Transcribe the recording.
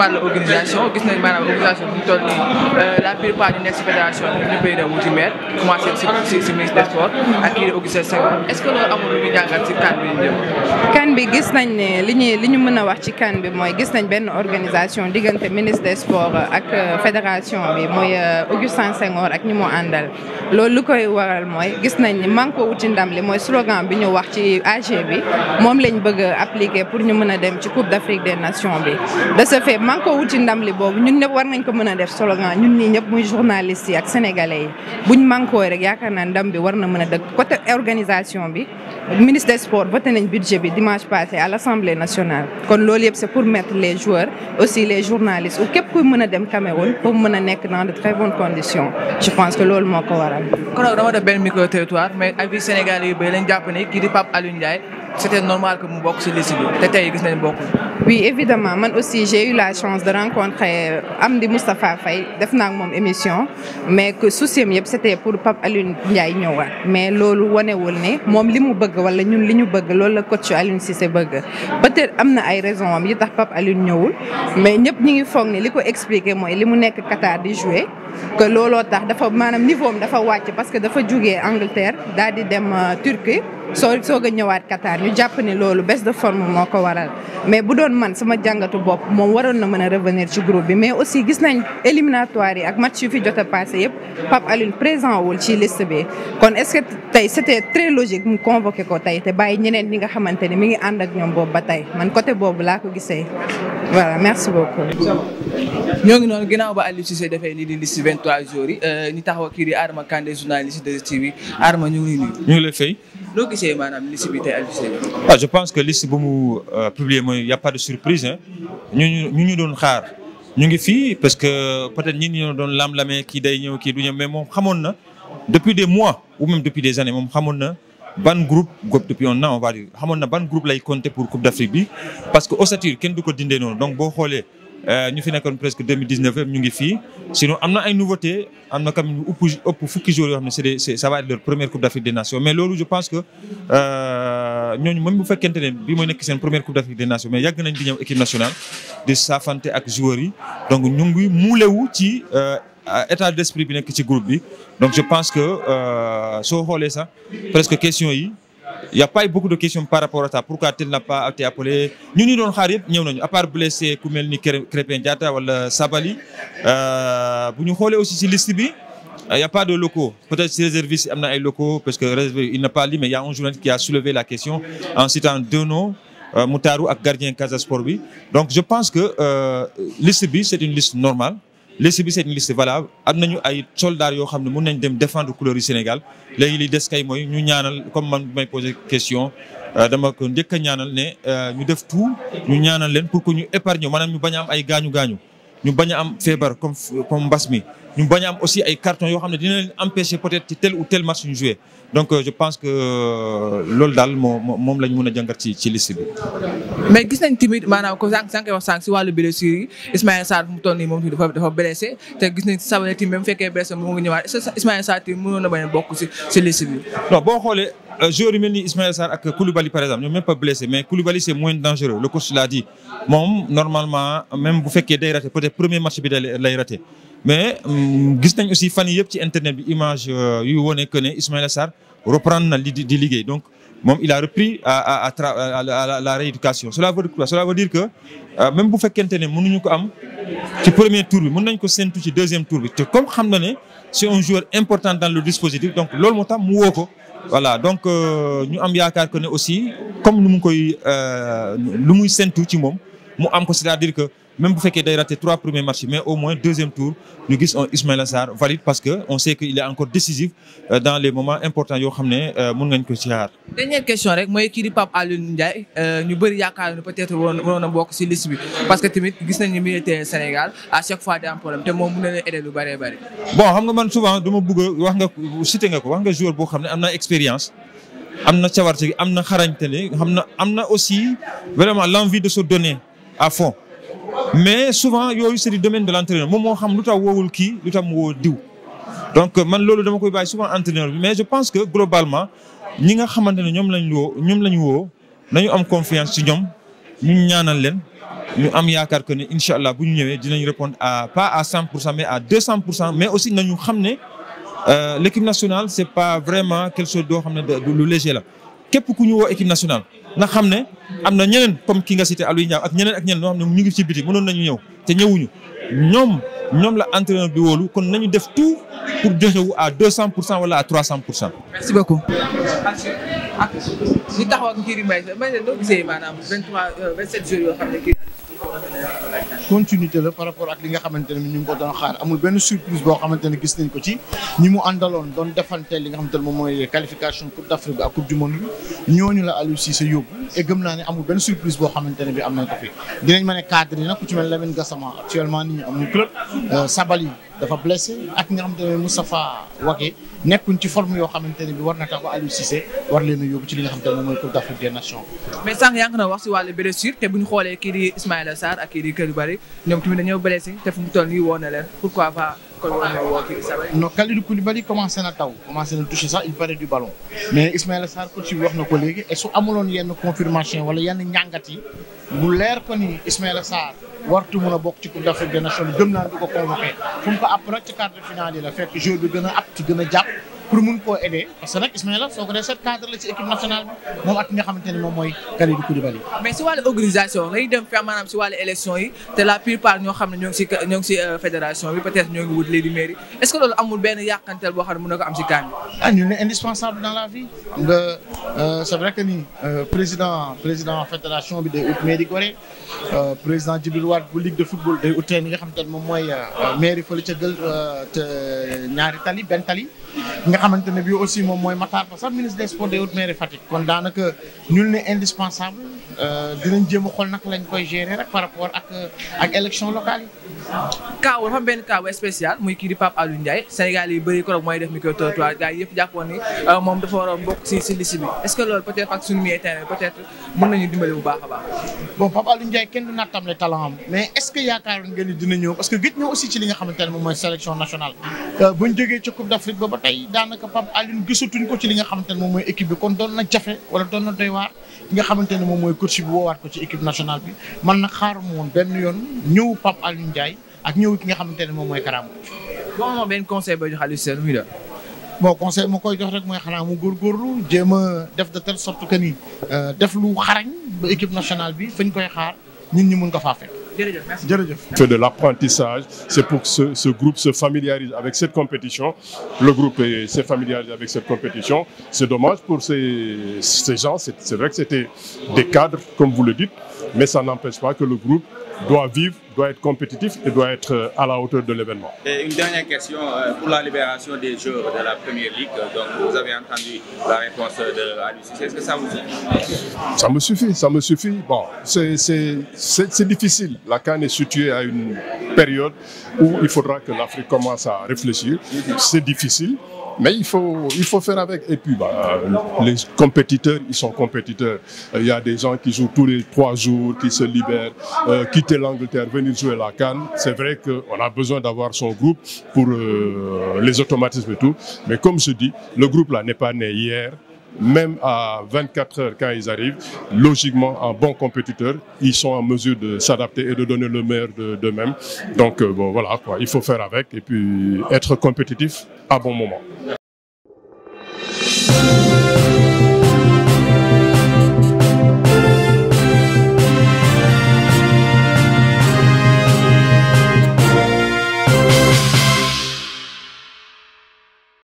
revoir la organisation nañ maanaam organisation bu ñu toll nii euh, la plupart ñu nekk si fédération bi ñu est ce que loolu kan bi gis nañ ne li ñuy li ñu mën a wax ci kan bi mooy gis nañ benn organisation diggante ministre des sports ak euh, fédération bi mooy euh, Augustin Senghor ak ñi moo àndal loolu lu koy waral mooy gis nañ ni man ko wuti ndam li mooy slogan bi ñu wax ci AG bi moom lañ bëgg appliquer pour ñu mën a dem ci Coupe d'Afrique des Nations bi manko wuti ndam li boobu ñun ñëpp war ko mën a def slogan ñun ñii ñëpp muy journalistes yi ak sénégalais yi buñ mankoo rek yaakaar naa ndam bi war na mën a dëgg organisation bi ministre des sports voté nañ budget bi dimanche passé à l' assemblée nationale kon loolu yëpp c' pour mettre les joueurs aussi les journalistes ou képp kuy mën a dem Cameroun pour mën a nekk dans de très bonnes conditions je pense que loolu moo ko waral. kon nag dama def benn micro c'était normal que mu bokk ci liste bi te tey gis nañ bokkul. oui évidemment man aussi j'ai eu la chance de rencontrer euh, Amdi Moustapha Faye def naa moom émission mais que souci am yëpp c'était pour Pape Alioune Ndiaye ñëwaat mais loolu wanewul ni moom li mu bëgg wala ñun li ñu bëgg loolu la coach Alioune Cissé bëgg peut-être am na ay raisons am yi tax pap Alioune ñëwul mais ñëpp ñi ngi foog ni li ko expliquer mooy li mu nekk Qatar di jouer que looloo tax dafa maanaam niveau am dafa wàcc parce que dafa jugee Angleterre daal di dem euh, Turquie soo soog a ñëwaat Qatar ñu jàpp ni loolu baisse de forme moo ko waral mais bu doon man sama jàngatu bopp moom waroon na mën a revenir ci groupe bi mais aussi gis nañ éliminatoire yi ak match yu fi jot a passé yëpp Pape Alioune présent wul ci liste bi kon est-ce tey c'était très logique mu convoqué ko tey te bàyyi ñeneen ñi nga xamante ne mi ngi ànd ak ñoom boobu ba tey man côté boobu laa ko gisee voilà merci beaucoup. ñoo ngi noonu ginnaaw ba Aliou Cissé defee lii di liste 23 jours yi euh, ñu taxaw kii di Arma Kandé journaliste de TV Arma noo gisee maanaam liste bi tey affiché waaw ah, je pense que liste bu mu euh, mooy y' a pas de surprise ah ñu ñu ñu doon xaar ñu ngi fii parce que peut-être ñi ñoo doon lam-lamee kii day ñëw kii du ñëw mais moom xamoon na depuis des mois ou même depuis des années moom xamoon na ban groupe groupe depuis un an on va dire xamoon na ban groupe lay compter pour Coupe d'Afrique bi parce que ossature kenn du ko dindee noonu donc boo xoolee. Euh, ñu fi nekkoon presque 2019 yëpp ñu ngi fii sinon am na ay nouveautés am na quand même ëpp ëpp fukki jours yoo xam ne c'est des ça va être d'Afrique des nations mais loolu je pense que euh, ñooñu même bu fekkente ne bii mooy nekk seen première coupe d'Afrique des nations mais yàgg nañ di ñëw équipe nationale di saafante ak joueurs yi donc ñu ngi muulewu ci euh, état d'esprit bi nekk ci groupe bi donc je pense que soo xoolee sax presque question yi y' a pas eu beaucoup de questions par rapport à ça pourquoi tel n'a pas été appelé ñu ñu doon xaar part blessé ku mel ni Krépin wala Sabali euh, bu ñu xoolee aussi si liste bi euh, y' a pas de locaux peut-être si réserviste am na ay locaux parce que réservé il n'a pas li mais y' a un a soulevé la question en citant deux noms euh, Moutaru ak gardien Casa Sport bi donc je pense que liste bi c' est une liste normale. liste bi c'est une liste valable am nañu ay soldaar yoo xam ne mun nañ dem défendre couleur yu Sénégal léegi li des kay mooy ñu ñaanal comme man may poser question euh, dama ko njëkk a ñaanal ne euh, ñu def tout ñu ñaanal leen pour que ñu épargne maanaam ñu bañ am ay gaañu gaañu. ñu bañ a am feebar comme mbas mi ñu bañ am aussi ay carton yoo xam ne dina leen empêcher peut-être ci tel ou tel match ñu joué donc euh, je pense que euh, loolu daal moom lañ mën a jàngat ci ci liste bi. mais gis nañ tamit maanaam comme sànq sànq wax sànq si wàllu blessure yi Ismaïla mu toll moom dafa dafa blessé te gis nañ Sabaly tamit même bu fekkee blessé mu ngi ñëwaat Ismaïla Sarr tamit mënoon na bañ a bokk si si Euh, joueur yu mel ni Ismaël Sarr ak Koulibaly par exemple ñoom même pas blessé mais Koulibaly c'est moins dangereux le coach l'a moom normalement même bu fekkee day raté peut-être premier match bi da lay raté. mais gis nañ aussi fan yii yëpp ci internet bi image euh, yu wone que ne Ismaël Sarr reprendre na li di liggéey donc. moom il a repris à à à la la rééducation cela veut dire cela veut dire que euh, même bu fekkente ne mënuñu ko am ci premier tour bi mën nañ ko séntu ci deuxième tour bi comme xam na ne c'est un joueur important dans le dispositif donc loolu moo tax mu woo ko. voilà donc euh, ñu am yaakaar que ne aussi comme lu mu koy euh, lu muy séntu ci moom mu am ko c'est-à-dire que. même bu fekkee day raté trois premiers matchs mais au moins deuxième tour ñu gis on Ismaïla Sarr valide parce que on sait que il est encore décisif euh, dans les moments importants yoo xam ne euh, mën ngañ ko ci xaar. dernière question rek mooy kii di Pape Alioune Ndiaye euh, ñu bëri yaakaar ne peut être waroon a bokk si liste bi parce que tamit gis nañu milieu terrain Sénégal à chaque fois day am problème te moom mën na leen aider lu bëree bëri. bon xam nga man souvent dama a ko wax nga joueur boo xam ne am na expérience. am na cawarte gi am na xarañte ne xam na am na aussi vraiment l'envie de se donner à fond mais souvent yooyu c'est du domaine de l'entraîneur moom moo xam lu tax woowul kii lu tax mu woo diw. donc man loolu dama koy bàyyi souvent entraîneur bi mais je pense que globalement ñi nga xamante ne ñoom lañ woo ñoom lañ woo nañu am confiance si ñoom ñu ñaanal leen ñu am yaakaar ko ni incha allah bu ñu ñëwee dinañ répondre à pas à 100 cent mais à 200 pour cent mais aussi nañu xam ne euh, l'équipe nationale c'est pas vraiment quelque chose doo xam ne lu léger la képp ku ñu woo équipe nationale. nga xam ne am na ñeneen comme ki nga cité Aliou Ndiaye ak ñeneen ak ñeneen ñoo xam ne ñu ngi ci biti mënoon nañu ñëw te ñëwuñu ñoom ñoom la entraîneur bi wóolu kon nañu def tu pour joxe wu deux 200 pour cent wala à 300 pour cent. merci beaucoup. ak taxaw ak Ngiri maanaam 23 27 euh, jours yoo continuité la par rapport ak li nga xamante ne ñu ngi ko doon xaar amul benn surprise boo xamante ne gis nañ ko ci ñi mu àndaloon doon defante li nga xamante ne moom mooy qualification coupe d'Afrique bi ak coupe du monde ñooñu la Aliou Cissé yóbbu et gëm naa ne amul benn surprise boo xamante ne bi am nañ ko fi dinañ mën a cadre yi nag ku ci mel Lamine Gassama actuellement nii amul club euh, Sabali dafa blessé ak nga xamante ne Moustapha Wagué nekkuñ ci forme yoo xamante ne bi war na tax ba Aliou Cissé war leen a yóbbu ci li nga xamante ne mooy Coupe d'Afrique des Nations. mais sànq yaa ngi na wax si wàllu blessure te bu xoolee kii di Ismaïla ak kii di Kalidou Koulibaly ñoom tamit dañoo blessé te fu mu toll nii woo na leen pourquoi pas kon war na woo na taw commencé na touché sax il paraît du ballon mais Ismaïla Sarr coach bi wax na ko léegi et su wartu mun a bokk ci coupe d'Afrique des nations gëm naa du ko convoqué fu mu ko fekk joueur bi gën a apte gën a jàpp pour mun koo aider parce que nag Ismaïla soo ko dee seet cadre la équipe nationale moom ak ki nga xamante ne moom mooy Kalidou Koulibaly. mais si wàllu organisation lay dem fi yi te la plupart ñoo xam ne ñoo ngi si ñoo ngi si euh, fédération bi peut-être ñoo ngi wut léegi mairie est-ce que loolu amul benn yàqanteel boo xam ne mën na am si kaan bi. ah indispensable dans la vie nga euh, c'est que ni euh, président président fédération bi day ut mairie Gorée président Djibril Wade bu ligue de nga xamante ne moom mooy mairie fële ca gël te ñaari tali benn tali. nga xamante ne bii aussi moom mooy Matar Ba sax ministre des sports des Hautes-Mers Fatick. kon daanaka ñul ne indispensable euh, dinañ jéem a xool naka lañ koy gérer rek par rapport ak euh, ak élection locale yi. kaaw dafa benn kaaw spécial muy kii di Pape Alioune Ndiaye Sénégal yi bari ko mooy def micro-trottoir gars yi yëpp jàppoon euh, moom dafa war a bokk si si liste bi est-ce que loolu peut-être ak suñu milieu terrain peut-être mën nañu dimbali bu baax baax. bon Pape Alioune Ndiaye kenn du nattam le talent am mais est ce que yaakaaroon ngeen ni dina ñëw parce que gëj ñëw aussi euh, na jafe wala doon na doy waar ne moom mooy coach bi woowaat ko ci équipe nationale bi man nag xaaruma woon benn yoon ñëw Pape Alioune Ndiaye ak ñëw ki nga xamante ne moom mooy Karaamou. boo benn conseil ba jox Aliou Sène muy bon conseil moo koy jox rek mooy xanaa góorgóorlu jéem def de telle sorte que ni euh, def lu xarañ ba équipe bi fañ koy xaar ñun ñi mën ko faa jërëjëf de l'apprentissage c'est pour que ce, ce groupe se familiarise avec cette compétition le groupe s'est familiarisé avec cette compétition c'est dommage pour ces ces gens c'est, c'est vrai que c'était des cadres comme vous le dites mais ça n'empêche pas que le groupe doit vivre doit être compétitif et doit être euh, à la hauteur de l'événement. une dernière question euh, pour la libération des joueurs de la Première Ligue. Euh, donc vous avez entendu la réponse de La Cannes est située à une période où il faudra que l'Afrique commence à réfléchir. C'est difficile. Mais il faut, il faut faire avec. Et compétiteurs, ils sont compétiteurs. Il les trois jours, qui se libèrent, euh, quitter l'Angleterre, venir jouer la Cannes. C'est vrai a besoin d'avoir son pour euh, les automatismes et Mais comme je dis, le groupe là n'est même à 24 heures quand ils arrivent, en bon compétiteur, ils sont de s'adapter de donner le meilleur d'eux-mêmes. Donc, euh, à bon moment.